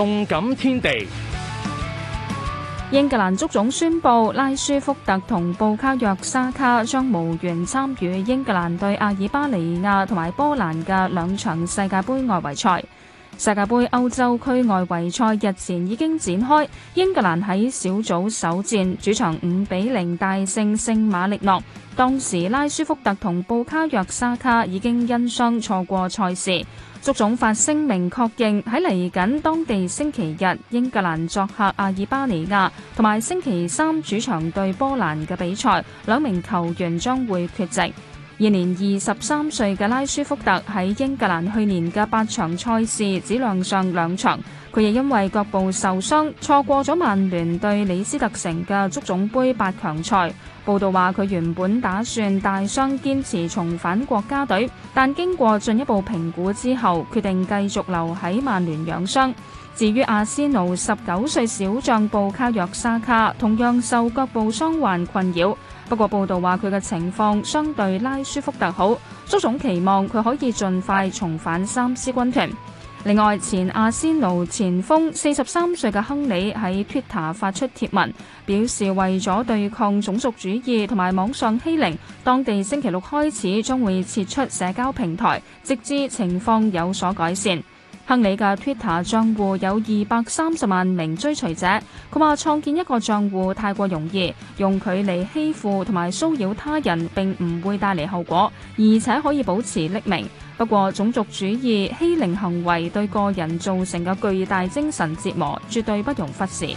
動感天地。英格蘭足總宣布，拉舒福特同布卡約沙卡將無緣參與英格蘭對阿爾巴尼亞同埋波蘭嘅兩場世界盃外圍賽。世界盃歐洲區外圍賽日前已經展開，英格蘭喺小組首戰，主場五比零大勝聖馬力諾。當時拉舒福特同布卡約沙卡已經因傷錯過賽事。足總發聲明確認，喺嚟緊當地星期日，英格蘭作客阿爾巴尼亞，同埋星期三主場對波蘭嘅比賽，兩名球員將會缺席。現年二十三歲嘅拉舒福特喺英格蘭去年嘅八場賽事只亮相兩場，佢亦因為腳部受傷錯過咗曼聯對里斯特城嘅足總杯八強賽。報道話佢原本打算帶傷堅持重返國家隊，但經過進一步評估之後，決定繼續留喺曼聯養傷。至於阿仙奴十九歲小將布卡約沙卡，同樣受腳部傷患困擾。不過報道話佢嘅情況相對拉舒福特好，足總期望佢可以盡快重返三獅軍團。另外，前阿仙奴前鋒四十三歲嘅亨利喺 Twitter 發出貼文，表示為咗對抗種族主義同埋網上欺凌，當地星期六開始將會撤出社交平台，直至情況有所改善。亨利嘅 Twitter 賬戶有二百三十萬名追隨者。佢話創建一個賬戶太過容易，用佢嚟欺負同埋騷擾他人並唔會帶嚟後果，而且可以保持匿名。不過種族主義欺凌行為對個人造成嘅巨大精神折磨，絕對不容忽視。